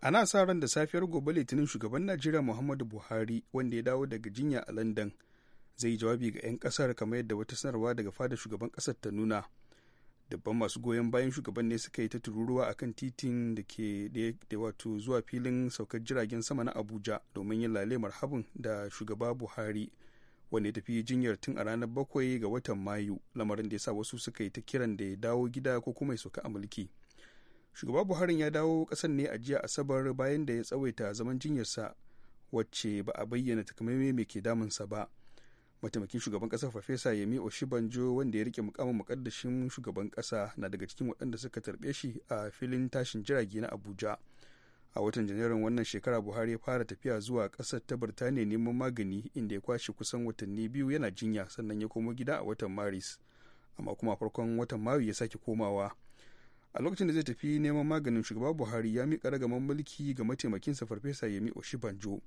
ana sa ran da safiyar gobe litinin shugaban najeriya muhammadu buhari wanda ya dawo daga jinya a london zai yi jawabi ga 'yan kasar kamar yadda wata sanarwa daga fada shugaban kasar ta nuna dabban masu goyon bayan shugaban ne suka yi ta tururuwa a kan titin da ke da wato zuwa filin saukar jiragen sama na abuja domin yin lalemar marhabin da shugaba buhari wanda ya tafi jinyar tun a ranar bakwai ga watan mayu lamarin da ya sa wasu suka yi ta kiran da ya dawo gida ko kuma ya sauka a mulki shugaba buharin ya dawo kasan ne a jiya asabar bayan da ya tsawaita zaman jinyarsa wacce ba a bayyana takamaimai mai ke damunsa ba mataimakin shugaban kasa farfesa yemi oshibanjo wanda ya rike mukamin mukaddashin shugaban kasa na daga cikin waɗanda suka tarbe shi a filin tashin jirage na abuja a watan janairun wannan shekara buhari ya fara tafiya zuwa ƙasar ta birtaniya neman magani inda ya kwashe kusan watanni biyu yana jinya sannan ya komo gida a watan maris amma kuma farkon watan mayu ya sake komawa a lokacin da zai tafi neman maganin shugaba buhari ya miƙa ragaman mulki ga mataimakinsa farfesa yemi oshibanjo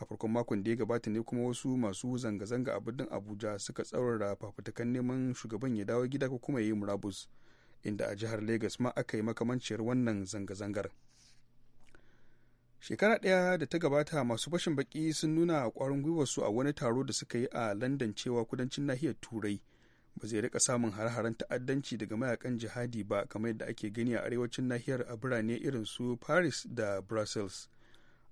a farkon makon da ya gabata ne kuma wasu masu zanga-zanga a birnin abuja suka tsaurara fafutukan neman shugaban ya dawo gida ko kuma ya yi murabus inda a jihar lagos ma aka yi makamanciyar wannan zanga-zangar shekara ɗaya da ta gabata masu fashin baki sun nuna ƙwarin gwiwarsu a wani taro da suka yi a london cewa kudancin nahiyar turai ba zai rika samun har-haren ta'addanci daga mayakan jihadi ba kamar yadda ake gani a arewacin nahiyar a birane irin su paris da brussels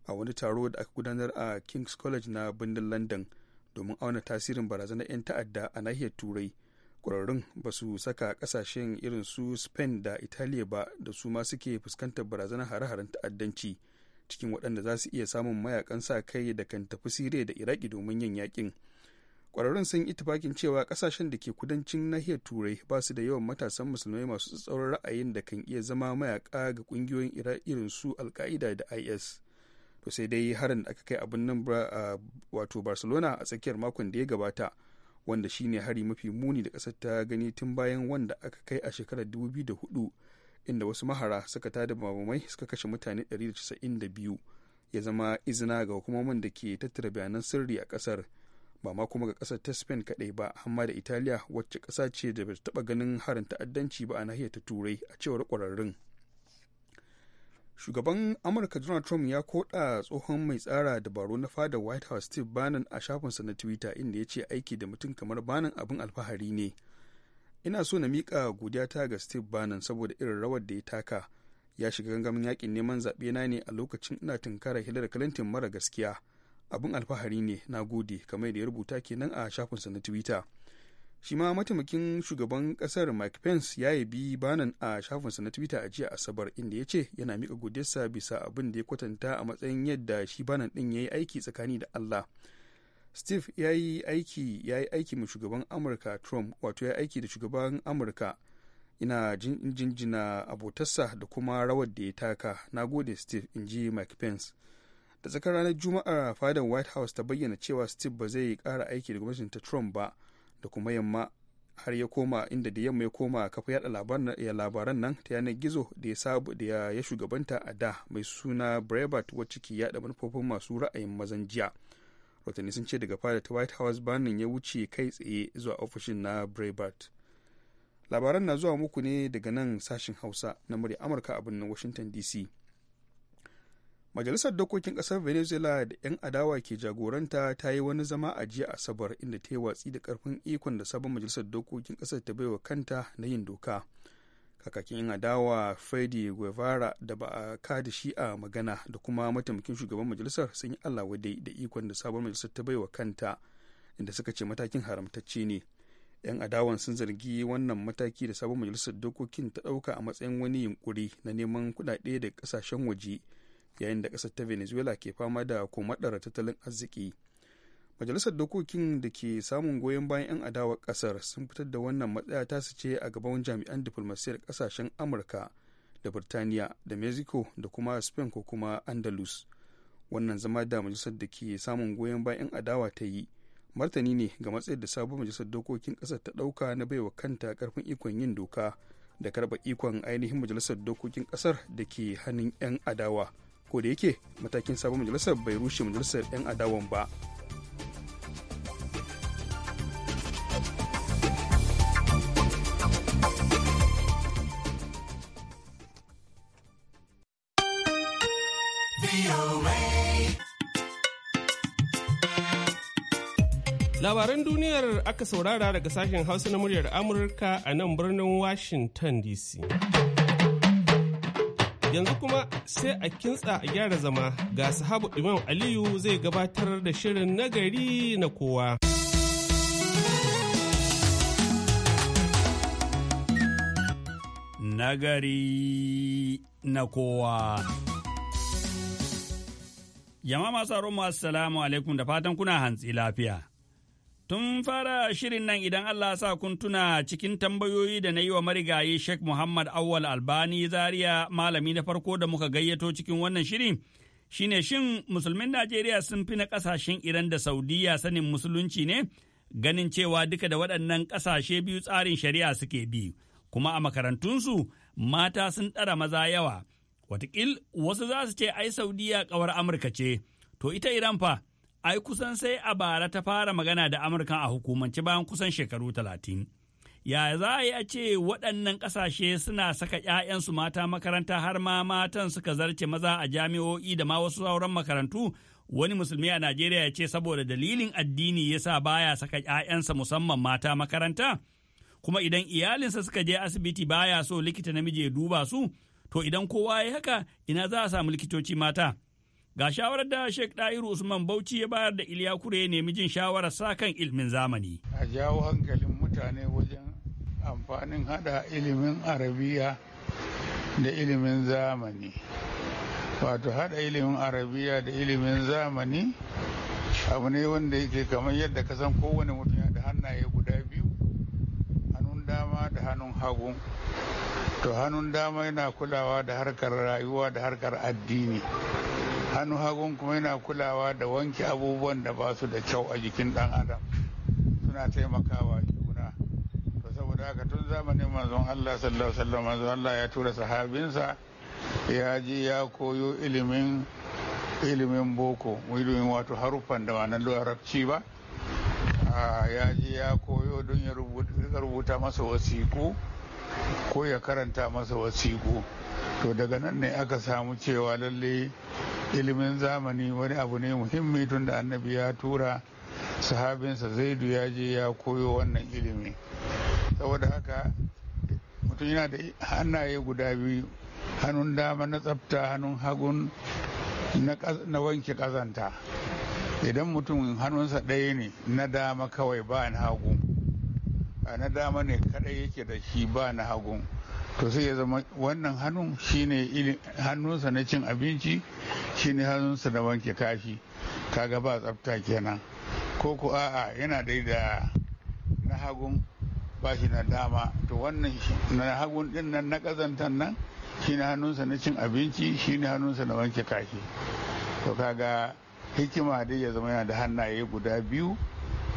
a wani taro da aka gudanar a king's college na birnin london domin auna tasirin barazanar 'yan ta'adda a nahiyar turai ƙwararrun ba su saka ƙasashen irin su spain da italiya ba da su ma suke fuskantar barazanar har haren ta'addanci cikin waɗanda za su iya samun mayakan sa kai da kan tafi siriya da iraki domin yin yakin kwararrun sun itifakin cewa kasashen da ke kudancin nahiyar turai ba su da yawan matasan musulmai masu tsatsauran ra'ayin da kan iya zama mayaka ga kungiyoyin irin su alka'ida da is to sai dai harin da aka kai abin nan wato barcelona a tsakiyar makon da ya gabata wanda shine hari mafi muni da kasar ta gani tun bayan wanda aka kai a shekarar 2004 inda wasu mahara suka tada mamamai suka kashe mutane 192 ya zama izina ga hukumomin da ke tattara bayanan sirri a kasar ba ma kuma ga kasar ta spain kaɗai ba amma da italiya wacce kasa ce da bata taɓa ganin harin ta'addanci ba a nahiyar ta turai a cewar kwararrun. shugaban amurka donald trump ya koɗa tsohon mai tsara dabaru na fada white house steve bannon a shafinsa na twitter inda ya ce aiki da mutum kamar bannon abin alfahari ne ina so na mika godiyata ga steve bannon saboda irin rawar da ya taka ya shiga gangamin yakin neman zaɓe na ne a lokacin ina tunkara hillary clinton mara gaskiya abin alfahari ne na gode kamar da ya rubuta kenan a shafinsa na twitter shi ma mataimakin shugaban kasar mike pence ya bi banan a shafinsa na twitter a jiya asabar inda ya ce yana mika godiyarsa bisa abin da ya kwatanta a matsayin yadda shi banan din ya yi aiki tsakani da allah steve ya yi aiki ya yi aiki ma shugaban amurka trump wato ya yi aiki da shugaban amurka ina jinjina abotarsa da kuma rawar da ya taka na gode steve in ji mike pence da tsakar ranar juma'a fadar white house ta bayyana cewa steve ba zai kara aiki da gwamnatin ta trump ba da kuma yamma har ya koma inda da yamma ya koma kafa yada labaran nan ta yanar gizo da ya sabu da ya shugabanta a da mai suna brevard wacce ke yada manufofin masu ra'ayin mazan jiya rotanni sun ce daga fadar ta white house banin ya wuce kai tsaye zuwa ofishin na brevard labaran na zuwa muku ne daga nan sashen hausa na murya amurka a birnin washington dc majalisar dokokin kasar venezuela da 'yan adawa ke jagoranta ta yi wani zama a jiya asabar inda ta yi watsi da karfin ikon da sabon majalisar dokokin ƙasar ta baiwa kanta na yin doka kakakin 'yan adawa freddy guevara da ba a kada shi a magana da kuma mataimakin shugaban majalisar sun yi allah wadai da ikon da sabon majalisar ta baiwa kanta inda suka ce matakin haramtacce ne 'yan adawan sun zargi wannan mataki da sabon majalisar dokokin ta ɗauka a matsayin wani yunkuri na neman kuɗaɗe da ƙasashen waje yayin da ƙasar ta venezuela ke fama da komadar tattalin arziki majalisar dokokin da ke samun goyon bayan 'yan adawar ƙasar sun fitar da wannan matsaya su ce a gaban jami'an diflomasiyyar ƙasashen amurka da birtaniya da mexico da kuma spain ko kuma andalus wannan zama da majalisar da ke samun goyon bayan 'yan adawa ta yi martani ne ga matsayin da sabon majalisar dokokin ƙasar ta ɗauka na baiwa kanta karfin ikon yin doka da karɓa ikon ainihin majalisar dokokin ƙasar da ke hannun 'yan adawa ko da yake matakin sabon majalisar bai rushe majalisar 'yan adawan ba Labaran duniyar aka saurara daga sashen Hausa na muryar Amurka a nan birnin Washington DC. Yanzu kuma sai a kintsa a gyara zama ga sahabu Imam Aliyu zai gabatar da shirin nagari na kowa. Nagari na kowa. Yama masu salamu alaikum da fatan kuna hantsi lafiya. Tun fara shirin nan idan Allah sa kun tuna cikin tambayoyi da na yi wa marigayi Sheikh Muhammad Awal Albani Zaria malami na farko da muka gayyato cikin wannan shiri shine shin musulmin Najeriya sun fi na ƙasashen Iran da Saudiya sanin musulunci ne ganin cewa duka da waɗannan ƙasashe biyu tsarin shari'a suke bi kuma a makarantunsu mata sun ɗara maza yawa. Watakil wasu za su ce ai Saudiya ƙawar Amurka ce, to ita Iran fa ai kusan sai a bara ta fara magana da Amurka a hukumance bayan kusan shekaru talatin. Ya za a yi a ce waɗannan ƙasashe suna saka ‘ya'yansu mata makaranta har ma matan suka zarce maza a jami'o'i da ma wasu sauran makarantu wani musulmi a Najeriya ya ce saboda dalilin addini ya yasa baya saka ‘ya'yansa musamman mata makaranta. Kuma idan iyalinsa suka je asibiti baya so likita namiji ya duba su, to idan kowa ya haka ina za a samu likitoci mata. Ga shawarar da Sheikh Ɗahiru Usman Bauchi ya bayar da Iliya Kure ya nemi jin shawarar sa kan ilimin zamani. A jawo hankalin mutane wajen amfanin hada ilimin arabiya da ilimin zamani. Wato hada ilimin arabiya da ilimin zamani abu ne wanda yake kamar yadda ka san kowane mutum ya da hannaye guda biyu hannun dama da hannun hagu. To hannun dama yana kulawa da harkar rayuwa da harkar addini. hannu hagun kuma yana kulawa da wanke abubuwan da ba su da kyau a jikin dan adam suna taimakawa juna to saboda haka tun zamanin manzon Allah sallallahu alaihi wasallam manzon Allah ya tura sahabinsa ya ji ya koyo ilimin ilimin boko ilimin wato haruffan da ba larabci ba ya ji ya koyo don ya rubuta masa wasiku ko ya karanta masa wasiku to daga nan ne aka samu cewa lallai. ilimin zamani wani abu ne muhimmi tun da annabi ya tura sahabinsa zaidu ya je ya koyo wannan ilimi saboda haka mutum yana da hannaye guda biyu hannun dama na tsafta hannun hagun na wanke kazanta idan mutum hannunsa ɗaya ne na dama kawai ba na hagu na dama ne kaɗai yake da shi ba na hagu. to sai ya zama wannan hannun shine hannunsa na cin abinci shine hannunsa na wanke kashi kaga ba tsafta kenan ko ku a'a yana dai da na hagun ba shi na dama to wannan na hagun din nan na kazantan nan shine hannunsa na cin abinci shine hannunsa na wanke kashi to kaga hikima dai ya zama yana da hannaye guda biyu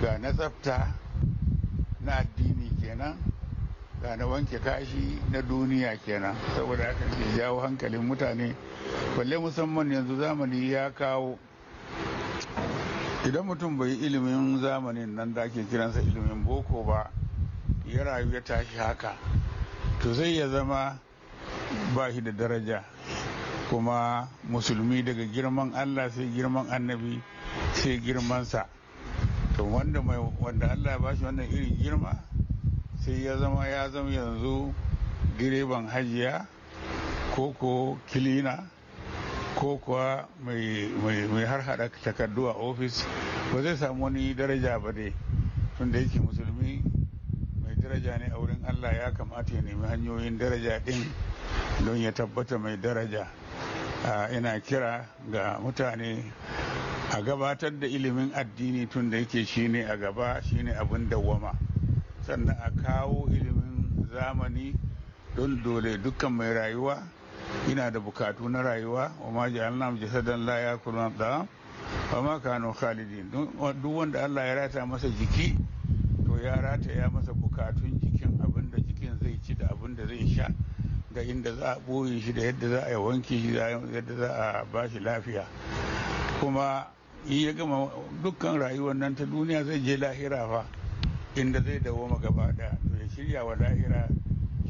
ga na tsafta na addini kenan ga wanke kashi na duniya kenan saboda haka ke jawo hankalin mutane balle musamman yanzu zamani ya kawo idan mutum bai ilimin zamanin nan da ake kiransa ilimin boko ba ya rayu ya tashi haka to zai ya zama ba shi da daraja kuma musulmi daga girman allah sai girman annabi sai girmansa to wanda allah ya ba shi wannan irin girma sai ya zama ya zama yanzu direban hajiya ko ko kilina ko kuwa mai har hada takardu a ofis ba zai samu wani daraja ba dai tunda yake musulmi mai daraja ne a wurin allah ya kamata ya nemi hanyoyin daraja ɗin don ya tabbata mai daraja ina kira ga mutane a gabatar da ilimin addini tunda yake shine a gaba shine abin dawwama. sannan a kawo ilimin zamani don dole dukkan mai rayuwa yana da bukatu na rayuwa wa ma ji'alna jasadan la yakulu da wa ma kanu khalidin duk wanda Allah ya rata masa jiki to ya rata ya masa bukatun jikin abinda jikin zai ci da abinda zai sha da inda za a ɓoye shi da yadda za a wanki shi da yadda za a ba shi lafiya kuma in ya gama dukkan rayuwar nan ta duniya zai je lahira fa inda zai dawoma gaba ɗaya to ya shirya wa lahira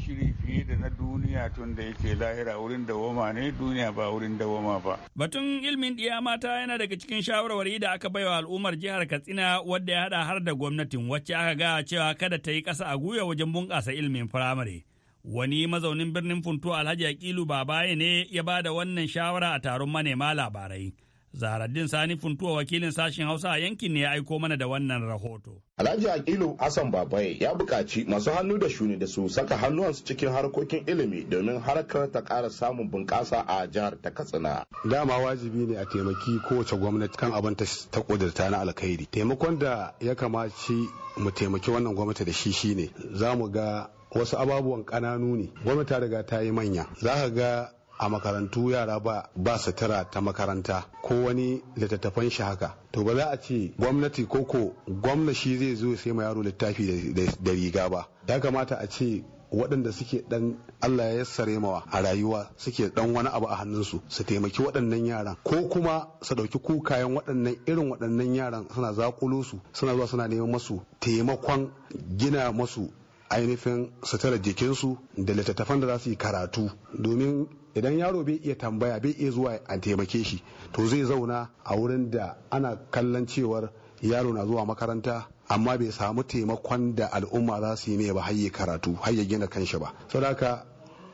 shiri fiye da na duniya tun da yake lahira wurin dawoma ne duniya ba wurin dawoma ba. Batun ilmin ɗiya mata yana daga cikin shawarwari da aka baiwa al'ummar jihar Katsina wadda ya haɗa har da gwamnatin wacce aka ga cewa kada ta yi ƙasa a guya wajen bunƙasa ilmin firamare. Wani mazaunin birnin Funtuwa Alhaji Akilu Babaye ne ya ba da wannan shawara a taron manema labarai. Zaharaddin Sani Funtuwa wakilin sashen Hausa a yankin ne ya aiko mana da wannan rahoto. Alhaji Akilu Hassan Babaye ya buƙaci masu hannu da shuni da su saka hannuwansu cikin harkokin ilimi domin harkar ta ƙara samun bunƙasa a jihar ta Katsina. Dama wajibi ne a taimaki kowace gwamnati kan abin ta ƙudurta na alkhairi. Taimakon da ya kamaci mu taimaki wannan gwamnati da shi shine za mu ga wasu ababuwan ƙananu ne gwamnati ta riga ta yi manya za ka ga a makarantu yara ba ba tara ta makaranta ko wani littattafan shi haka to ba za a ce gwamnati ko koko gwamna shi zai zo sai ma yaro littafi da riga ba ya kamata a ce waɗanda suke dan Allah ya sare mawa a rayuwa suke dan wani abu a hannunsu su taimaki waɗannan yaran ko kuma su ɗauki kukayen waɗannan irin waɗannan yaran suna zakulo su suna zuwa suna neman masu taimakon gina masu ainihin sutura jikinsu da littattafan da za su yi karatu domin idan yaro bai iya tambaya bai iya zuwa a taimake shi to zai zauna a wurin da ana kallon cewar yaro na zuwa makaranta amma bai samu taimakon da al'umma za su yi ne ba hayi karatu hayi gina kanshi ba saboda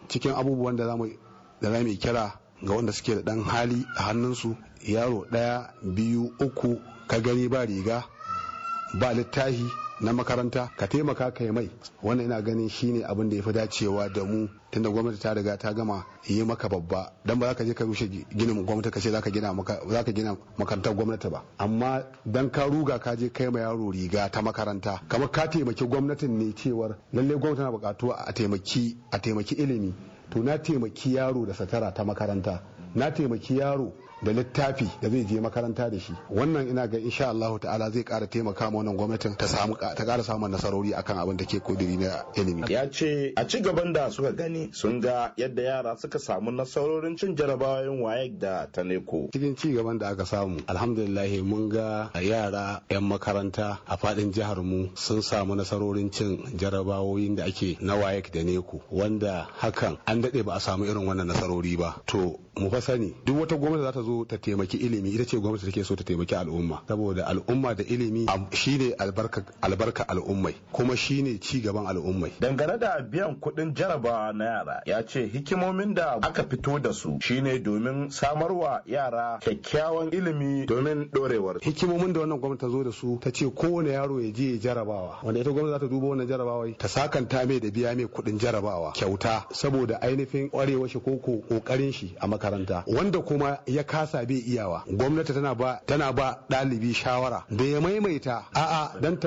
cikin abubuwan da za mu kira ga wanda suke da dan hali a hannunsu yaro ɗaya biyu uku ka gani ba riga ba littahi na makaranta ka taimaka kai mai wannan ina ganin shine abin da ya fi dacewa da mu tunda gwamnati ta riga ta gama yi maka babba dan ba za ka je ka rushe ginin gwamnati ka ce za ka gina makarantar gwamnati ba amma dan ka ruga ka je kai ma yaro riga ta makaranta kamar ka taimaki gwamnatin ne cewar lalle gwamnati na bukatu a taimaki a taimaki ilimi to na taimaki yaro da satara ta makaranta na taimaki yaro da littafi da zai je makaranta da shi wannan ina ga insha Allah ta'ala zai kara taimaka ma wannan gwamnatin ta samu ta kara samun nasarori akan abin da ke kudiri na ilimi ya ce a ci gaban da suka gani sun ga yadda yara suka samu nasarorin cin jarabawoyin wayek da ta neko cikin ci gaban da aka samu alhamdulillah mun ga yara yan makaranta a fadin jihar mu sun samu nasarorin cin jarabawoyin da ake na wayek da neko wanda hakan an dade ba a samu irin wannan nasarori ba to mu fa sani duk wata gwamnati za ta zo ta taimaki ilimi ita ce gwamnati take so ta taimaki al'umma saboda al'umma da ilimi shine albarka albarka al'ummai kuma shine ci gaban al'ummai dangane da biyan kuɗin jaraba na yara ya ce hikimomin da aka fito da su shine domin samarwa yara kyakkyawan ilimi domin dorewar hikimomin da wannan gwamnati ta zo da su ta ce kowane yaro ya je jarabawa wanda ita gwamnati za ta duba wannan jarabawa ta sakanta mai da biya mai kuɗin jarabawa kyauta saboda ainihin kwarewa shi ko ƙoƙarin shi a makaranta wanda kuma ya kasa bai iyawa gwamnati tana ba tana ba ɗalibi shawara da ya maimaita a'a dan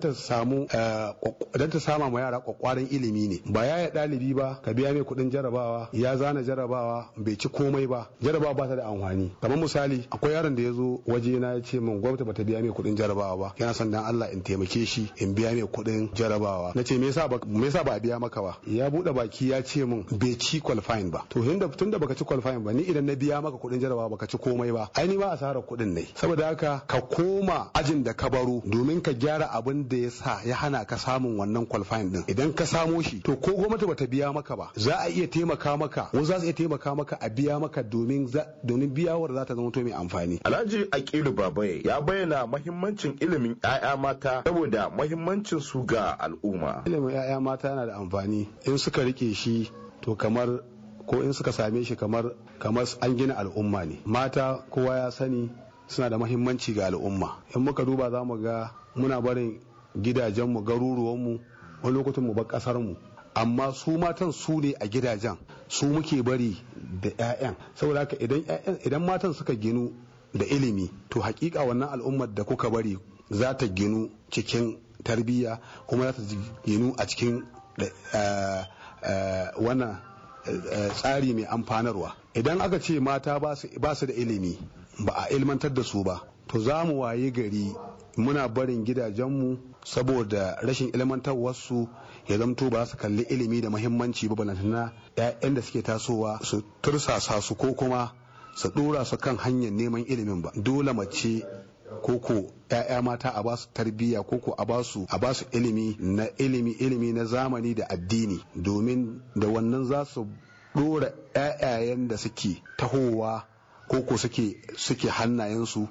ta samu eh, dan ta sama ma yara kwakwaran ilimi ne ba ya ya dalibi ba ka biya mai kuɗin jarabawa ya zana jarabawa bai ci komai ba jarabawa ba ta da amfani kamar misali akwai yaron da ya zo waje na ya ce min gwamnati bata biya mai kuɗin jarabawa ba yana son dan Allah in taimake shi in biya mai kuɗin jarabawa na ce me yasa ba me yasa ba a biya maka ba ya buɗe baki ya ce min bai ci qualifying ba to tunda baka baka ci kwalifayin ba ni idan na biya maka kuɗin jarabawa baka ci komai ba ai ni ma asarar kuɗin ne saboda haka ka koma ajin da ka baro domin ka gyara abin da ya sa ya hana ka samun wannan kwalifayin din idan ka samo shi to ko gwamnati bata biya maka ba za a iya taimaka maka wasu za su iya taimaka maka a biya maka domin domin biyawar za ta zama to mai amfani Alhaji Akilu Babaye ya bayyana mahimmancin ilimin 'ya'ya mata saboda mahimmancin su ga al'umma ilimin 'ya'ya mata yana da amfani in suka rike shi to kamar ko in suka same shi kamar kamar an gina al'umma ne mata kowa ya sani suna da mahimmanci ga al'umma in muka duba za mu ga muna barin gidajenmu garuruwanmu wani lokacin mu bar mu amma su matan su ne a gidajen su muke bari da 'ya'yan saboda haka idan matan suka ginu da ilimi to hakika wannan al'ummar da kuka bari za ta ginu cikin tarbiyya kuma za ta ginu a cikin eh, eh, wannan tsari mai amfanarwa idan aka ce mata ba su da ilimi ba a ilmantar da su ba to za mu waye gari muna barin gidajenmu saboda rashin ilmantarwarsu ya zamto ba su kalli ilimi da mahimmanci ba balantana 'ya'yan da suke tasowa su tursasa su ko kuma su dora su kan hanyar neman ilimin ba dole mace koko ‘ya'ya mata a basu tarbiyya koko a basu a basu ilimi na ilimi ilimi na zamani da addini domin da wannan za su dora ‘ya'yayen da suke tahowa koko suke suke hannayensu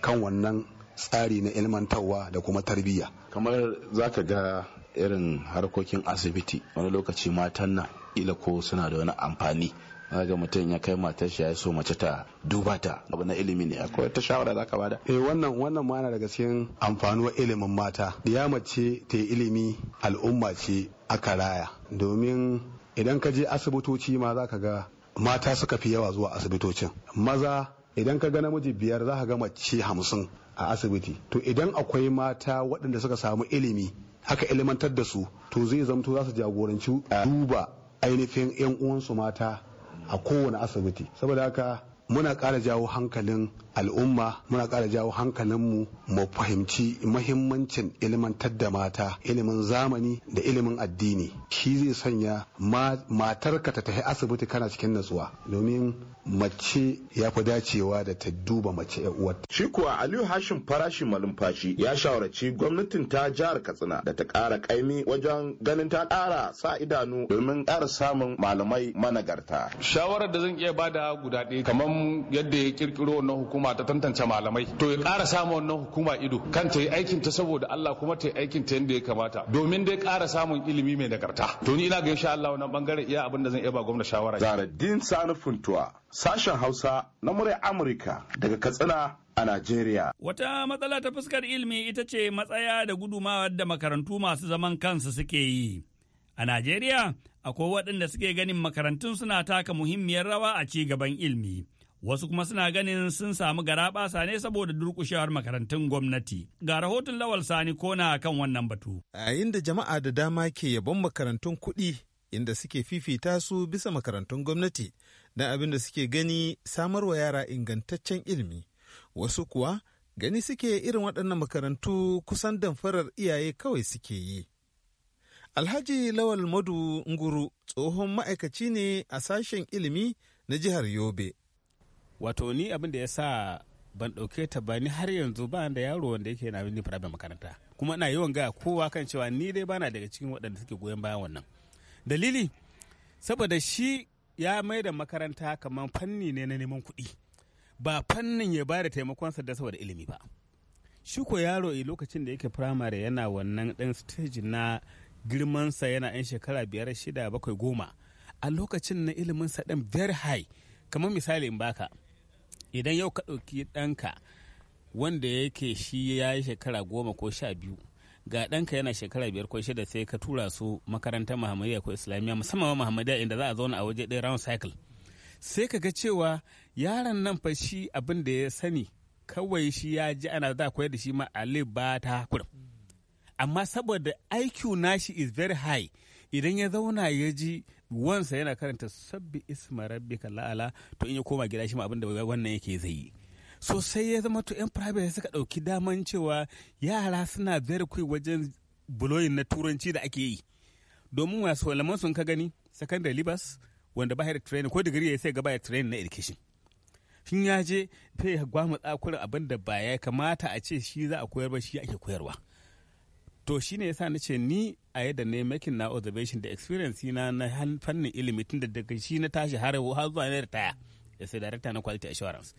kan wannan tsari na ilmantarwa da kuma tarbiyya kamar za ka ga irin harkokin asibiti wani lokaci matan na ila ko suna da wani amfani ga mutum ya kai matar shi ya so mace ta duba ta abu na ilimi ne akwai ta shawara zaka bada eh wannan wannan ma daga cikin amfanuwar ilimin mata ya mace ta yi ilimi al'umma ce aka raya domin idan ka je asibitoci ma zaka ga mata suka fi yawa zuwa asibitocin maza idan ka ga namiji biyar za ka ga mace hamsin a asibiti to idan akwai mata waɗanda suka samu ilimi haka ilimantar da su to zai zamto za su jagoranci duba ainihin 'yan uwansu mata a kowane asibiti saboda haka muna kara jawo hankalin al'umma muna ƙara jawo hankalinmu mu fahimci mahimmancin ilimantar da mata ilimin zamani da ilimin addini shi zai sanya matarka ta tafi asibiti kana cikin natsuwa domin mace ya fi dacewa da ta duba mace uwarta. Shi kuwa Aliyu hashin farashi malumfashi ya shawarci gwamnatin ta jihar Katsina da ta ƙara ƙaimi wajen ganin ta ƙara sa idanu domin ƙara samun malamai managarta. Shawarar da zan iya bada guda ɗaya kamar yadda ya kirkiro na hukuma hukuma ta tantance malamai to ya ƙara samun wannan hukuma ido kan ta yi aikin ta saboda Allah kuma ta yi aikin ta yadda ya kamata domin dai ƙara samun ilimi mai nagarta to ni ina ga insha Allah wannan bangare iya abin da zan iya ba gwamnati shawara Zaradin Sani Funtuwa sashen Hausa na murai Amurka daga Katsina a Najeriya. Wata matsala ta fuskar ilimi ita ce matsaya da gudumawa da makarantu masu zaman kansu suke yi. A Najeriya, akwai waɗanda suke ganin makarantun suna taka muhimmiyar rawa a ci gaban ilimi. wasu kuma suna ganin sun samu garaɓasa ne saboda durkushewar makarantun gwamnati. Ga rahoton Lawal Sani Kona kan wannan batu. A inda jama'a da dama ke yabon makarantun kuɗi inda suke fifita su bisa makarantun gwamnati na abin da suke gani samarwa yara ingantaccen ilimi. Wasu kuwa gani suke irin waɗannan makarantu kusan damfarar iyaye kawai suke yi. Alhaji Lawal Madu Nguru tsohon ma'aikaci ne a sashen ilimi na jihar Yobe. wato ni abin da ya sa ban ɗauke ta ba ni har yanzu ba da yaro wanda yake na ni firabin makaranta kuma ina yawan ga kowa kan cewa ni dai bana daga cikin waɗanda suke goyon bayan wannan dalili saboda shi ya mai da makaranta kamar fanni ne na neman kuɗi ba fannin ya ba da taimakonsa da saboda ilimi ba shi ko yaro a lokacin da yake firamare yana wannan ɗan stage na girmansa yana yan shekara biyar shida bakwai goma a lokacin na iliminsa dan very high kamar misali in baka idan yau ka ɗauki ɗanka wanda yake shi ya yi shekara goma ko sha biyu ga ɗanka yana shekara biyar ko shida sai ka tura su makarantar muhammadiyya ko islamiyya musamman muhammadiyya inda za a zauna a waje ɗaya round cycle sai ka ga cewa yaron nan fa shi abin da ya sani kawai shi ya ji ana za koyar da shi ma alif ba ta kurum amma saboda IQ nashi is very high idan ya zauna ya ji wansa yana karanta sabbi isma rabbika la'ala to in ya koma gida shi ma abin wannan yake zai yi so sai ya zama to yan private suka dauki daman cewa yara suna very kai wajen buloyin na turanci da ake yi domin wasu walaman sun ka gani secondary libas wanda ba da training ko digiri ya sai gaba da training na education shin ya je sai ya gwamu abinda abin da ba ya kamata a ce shi za a koyar ba shi ake koyarwa to shi shine yasa na ce ni a yadda ne making na observation da experience na na fannin ilimi tun da daga shi na tashi har har zuwa na ritaya Ya sai director na quality assurance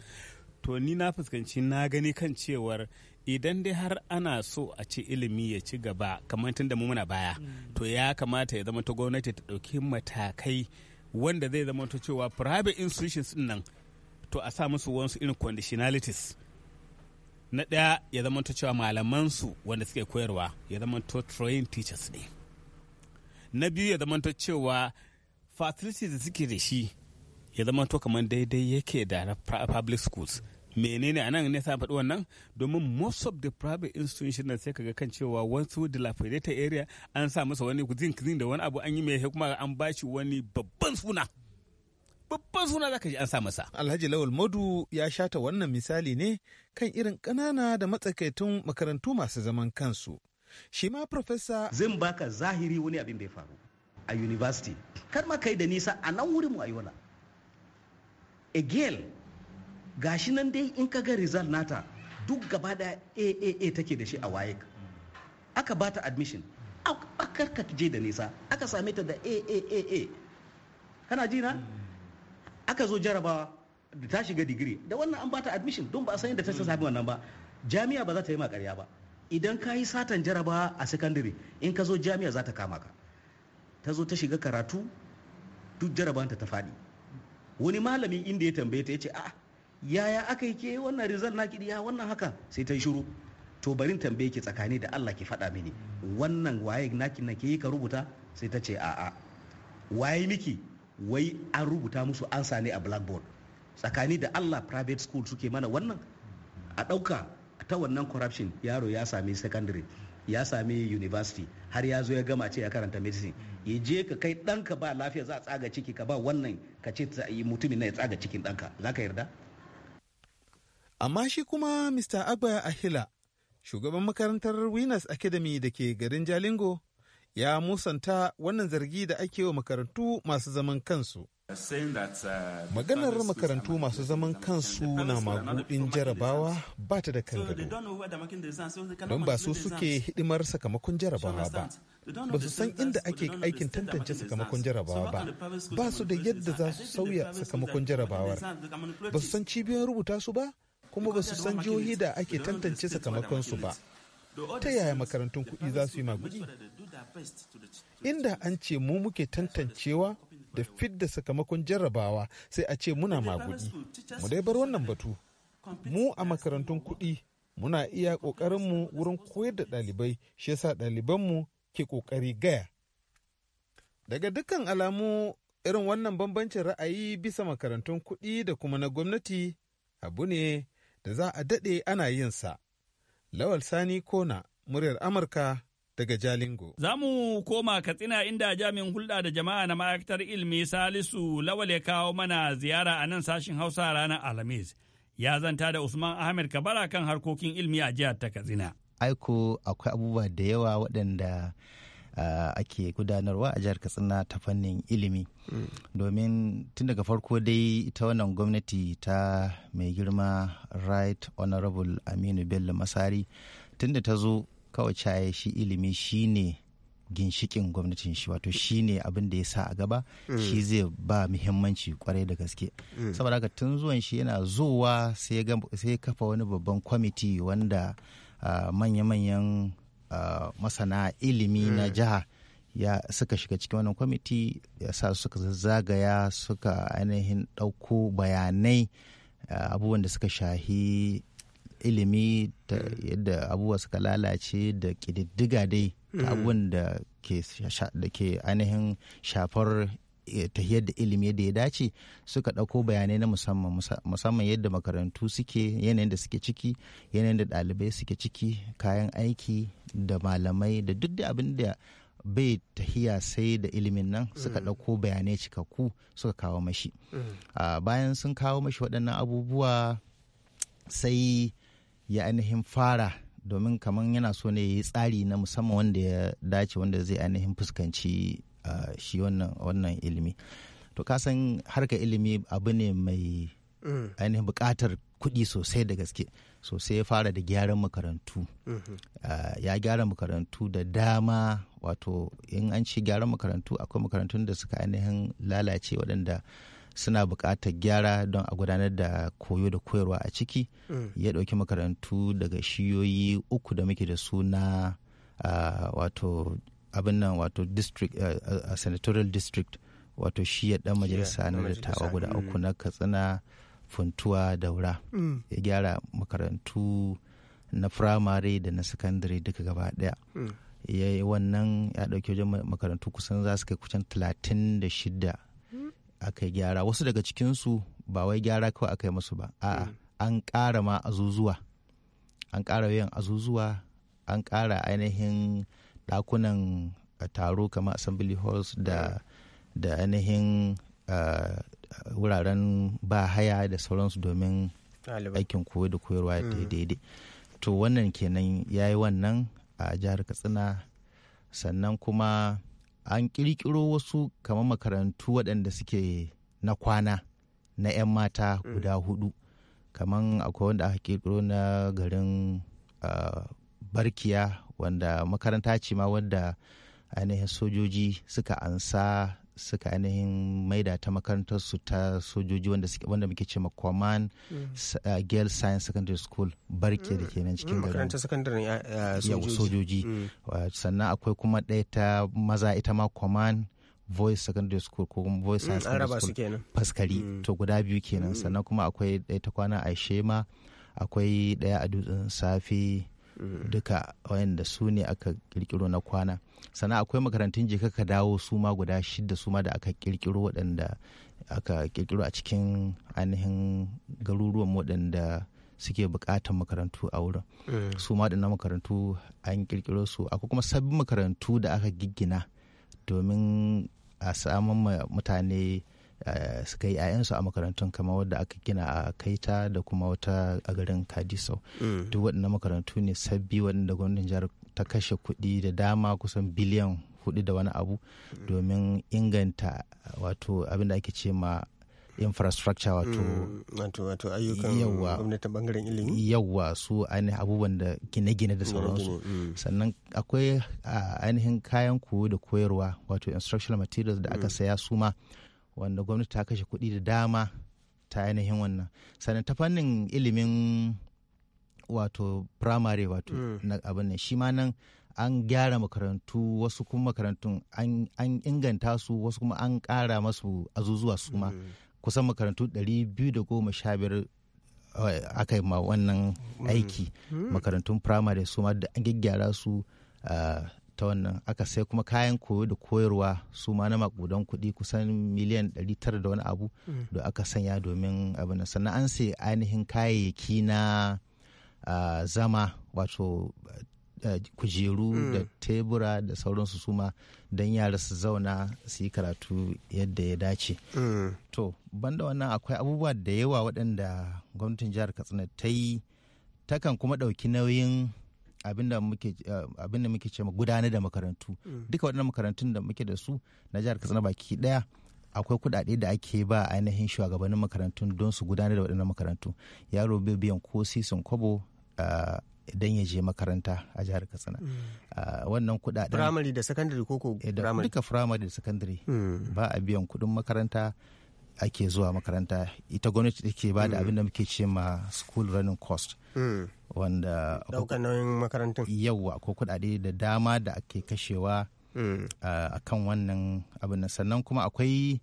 to ni na fuskanci na gani kan cewar idan dai har ana so a ce ilimi ya ci gaba kamar tun da mu muna baya mm. to ya kamata ya zama ta gwamnati ta ɗauki matakai wanda zai zama ta cewa private institutions din nan to a sa musu wasu irin conditionalities na ɗaya ya zamanto cewa malamansu wanda suke koyarwa ya to trained teachers ne na biyu ya zamanto cewa facilities da suke da shi ya zamanto kamar daidai yake da public schools menene anan ne sa faɗi wannan domin most of the private institution na sai kaga kan cewa wasu dilapidated area an sa masa wani kuzin da wani abu an yi mai kuma an ba shi wani babban suna babban suna zaka ji an sa masa. Alhaji Lawal Madu ya shata wannan misali ne kan irin ƙanana da matsakaitun makarantu masu zaman kansu. Shi ma Profesa. Zan baka zahiri wani abin bai faru a university. Kar ma kai da nisa a nan wurin mu a yola. A gashi nan dai in ka ga result nata duk gaba da AAA take da shi a waye. Aka bata admission. Aka je da nisa. Aka same ta da AAA. Kana ji na? aka zo jarabawa da ta shiga digiri da wannan an bata admission don ba a san yadda ta sami wannan ba jami'a ba za ta yi ma ba idan ka yi satan jarabawa a sakandare in ka zo jami'a za ta kama ka ta zo ta shiga karatu duk jarabanta ta faɗi wani malamin inda ya tambaye ta ya ce a yaya aka yi ke wannan rizal na kiɗiya wannan haka sai ta yi shiru to barin tambaye ki tsakani da Allah ki faɗa mini wannan waye nakin na ke yi ka rubuta sai ta ce a'a waye miki wai an rubuta musu ansa ne a blackboard tsakani da allah private school suke mana wannan a ɗauka ta wannan corruption yaro ya sami secondary ya sami university har ya zo ya gama ce ya karanta medicine ya je ka kai ɗanka ba lafiya za a tsaga ciki ka ba wannan ka ce mutumin na ya tsaga cikin ɗanka za ka yarda amma shi kuma mr agba ahila shugaban makarantar winners academy da ke garin jalingo ya musanta wannan zargi da ake wa makarantu masu zaman kansu. Maganar makarantu masu zaman kansu na magudin jarabawa ba ta da kan gado. Don ba su suke hidimar sakamakon jarabawa ba. Ba su san inda ake aikin tantance sakamakon jarabawa ba. Ba su da yadda za su sauya sakamakon jarabawar. Ba su san cibiyar rubuta su ba, kuma ba su san jihohi da ake tantance sakamakon su ba. Ta yaya makarantun kuɗi za su yi magudi? Inda an ce mu muke tantancewa da fidda sakamakon jarrabawa sai a ce muna magudi. Mu dai bar wannan batu. Mu a makarantun kuɗi muna iya ƙoƙarinmu wurin koyar da ɗalibai shi yasa ɗalibanmu ke ƙoƙari gaya. Daga dukkan alamu irin wannan bambancin ra'ayi bisa makarantun kuɗi da kuma na gwamnati abu ne da za a daɗe ana yinsa. Lawal Sani Kona, muryar Amurka daga Jalingo. Za mu koma Katsina inda jami'in hulɗa da jama'a na ma'aikatar ilimi Salisu Lawale kawo mana ziyara a nan sashin Hausa ranar Alhamis. Ya zanta da Usman Ahmed Kabara kan harkokin ilimi a jihar ta Katsina. Aiko akwai abubuwa da yawa waɗanda Uh, ake gudanarwa a jihar katsina ta fannin ilimi domin tun daga farko dai ita wannan gwamnati ta mai girma right honorable aminu bello masari tun da ta zo kawai caye shi ilimi shine ginshikin gwamnatin shi wato shi ne abin da ya sa a gaba mm. shi zai ba muhimmanci kwarai da gaske mm. saboda haka tun zuwan shi yana zuwa sai kafa wani babban kwamiti wanda ah, manya-manyan ah, masana ilimi na mm. jiha ya suka shiga cikin wannan kwamiti ya sa suka zagaya suka ainihin ɗauko bayanai ah, abubuwan da suka shahi ilimi ta mm. yadda abubuwa suka lalace da ƙididdiga dai mm. abubuwan da ke ainihin shafar eh, ta yadda ilimi yadda ya dace suka ɗauko bayanai na musamman musamman yadda makarantu suke yanayin da suke ciki yanayin da ɗalibai suke ciki kayan aiki da malamai da duk da abin da bai tahiya sai da ilimin nan suka mm. ɗauko bayanai cikakku suka kawo mashi ah, bayan sun kawo mashi waɗannan abubuwa sai ya ainihin fara domin kamar yana so ne ya yi tsari na musamman wanda ya dace wanda zai ainihin fuskanci shi wannan ilimi to kasan harka ilimi abu ne mai mm. ainihin bukatar kuɗi sosai da gaske sosai ya fara da gyaran makarantu mm-hmm. ya gyara makarantu da dama wato in an ci gyaran makarantu akwai makarantun da suka ainihin lalace waɗanda suna buƙatar gyara don a gudanar da koyo da koyarwa a ciki mm. ya ɗauki makarantu daga shiyoyi uku da muke da su na wato abin nan wato district a senatorial district wato shi ya ɗan majalisa na dattawa guda mm. uku na katsina funtuwa daura mm. ya gyara makarantu na firamare da na sakandare duka gaba ɗaya ya yi wannan ya ɗauki wajen makarantu kusan za su kai kusan talatin da shida aka yi gyara wasu daga cikinsu ba wai gyara kawai aka yi musu ba a'a mm. an ƙara ma azuzuwa an ƙara yin azuzuwa an ƙara ainihin ɗakunan eh, taro kamar assembly halls da mm. da ainihin eh, wuraren ba haya da sauransu domin aikin koyo da koyarwa mm. daidai to wannan kenan ya yi wannan a jihar katsina sannan kuma an kirkiro wasu kamar makarantu waɗanda suke na kwana na 'yan mata mm. guda hudu kamar akwai wanda aka kirkiro na garin barkiya wanda makaranta ce ma wanda ainihin sojoji suka ansa suka ainihin maida ta makarantar su ta sojoji wanda wanda muke ce Kwaman mm. uh, Girl Science Secondary School Barke da mm. kenan cikin mm, garin makarantar secondary uh, uh, sojoji sannan akwai kuma ɗaya ta maza ita ma Kwaman voice secondary school ko kuma voice science secondary school faskari to guda biyu kenan sannan kuma akwai ɗaya ta kwana a shema akwai ɗaya a dutsen safi duka wayanda su ne aka kirkiro na kwana sannan akwai makarantun jika ka dawo su ma guda shida su ma da aka kirkiro waɗanda aka kirkiro a cikin ainihin garuruwan waɗanda suke buƙatar makarantu a wurin mm. su ma na makarantu an kirkiro su akwai kuma sabbin makarantu da aka giggina domin a samun mutane Eh, su kai 'ya'yansu a makarantun kamar wadda aka gina a kaita da kuma wata a garin kadiso mm. duk waɗannan makarantu ne sabbi waɗanda gwamnatin jihar ta kashe kuɗi da dama kusan biliyan hudu da wani abu mm. domin inganta wato abin da ake ce ma infrastructure wato mm. wato ayyukan gwamnati bangaren ilimi yawa su ainihin abubuwan da gine-gine da sauransu sannan akwai ah, ainihin kayan koyo da koyarwa wato instructional materials da aka saya su ma wanda gwamnati ta kashe kuɗi da dama ta ainihin wannan sannan ta fannin ilimin wato primary wato hmm. na abin nan shi ma nan an gyara makarantu wasu kuma makarantun an inganta su wasu kuma an ƙara masu azuzuwa su ma hmm. kusan makarantu 215 eh, aka yi ma wannan hmm. aiki makarantun firamare su ma da an gyaggyara su ah, ta wannan aka sai kuma kayan koyo da koyarwa su ma na makudan kuɗi kusan miliyan 900 da wani abu mm. da aka sanya domin abin sannan an sai ainihin kayayyaki na zama wato kujeru mm. da tebura da sauransu su ma don yara su zauna su yi karatu yadda ya dace mm. to banda wannan akwai abubuwa da yawa waɗanda gwamnatin jihar katsina ta yi takan kuma ɗauki nauyin abinda muke eh, abinda muke ce gudanar da makarantu mm. duka waɗannan makarantun da muke da su na jihar Katsina baki daya akwai kuɗaɗe da ake ba ainihin shugabannin makarantun don su gudanar da waɗannan makarantu yaro bai biyan ko sisin kobo idan eh, ya je makaranta a jihar katsina mm. eh, wannan kudaden primary da secondary ko primary duka primary da secondary mm. ba a biyan kuɗin makaranta ake zuwa makaranta ita gwamnati take ba da mm. abin da muke ce ma school running cost mm. wanda daukanin makarantun yawa ko kudade da dama da ake kashewa mm. uh, a kan wannan abin sannan kuma akwai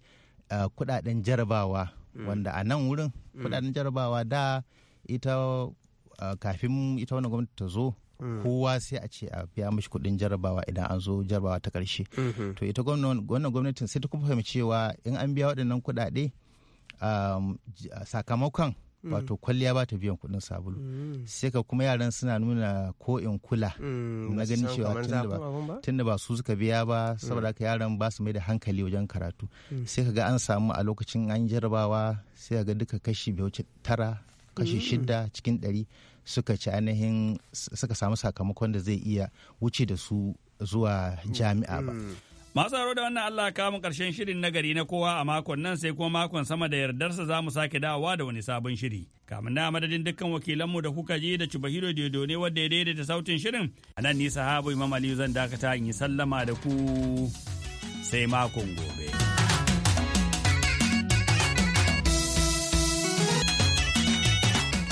uh, kudaden jarabawa wanda a nan wurin kudaden jarabawa da ita uh, kafin ita wannan gwamnati ta zo Mm. kowa sai a ce a biya mashi kuɗin jarabawa idan an zo jarabawa ta karshe. Mm-hmm. to ita gwamnan gwamnatin sai ta kuma fahimci cewa in an biya waɗannan kuɗaɗe um, sakamakon mm. wato kwalliya ba ta biyan kuɗin sabulu mm. sai ka kuma yaran suna nuna ko in kula na ganin cewa da ba su suka biya ba saboda ka yaran ba su mai da hankali wajen karatu sai ka ga an samu a lokacin an jarabawa sai ka ga duka kashi bai wuce tara kashi shida cikin ɗari suka ci ainihin suka samu sakamakon da zai iya wuce da su zuwa jami'a ba. Mm. Masu aro da wannan Allah kawo mu karshen shirin nagari na kowa a makon nan sai kuma makon sama da yardarsa za mu sake dawowa da wani sabon shiri. Kamun na madadin dukkan wakilanmu da kuka je da cuba, Cibahiro Dodo ne wadda ya daidaita sautin shirin. A nan ni sahabu Imam Aliyu zan dakata in yi sallama da ku sai makon gobe.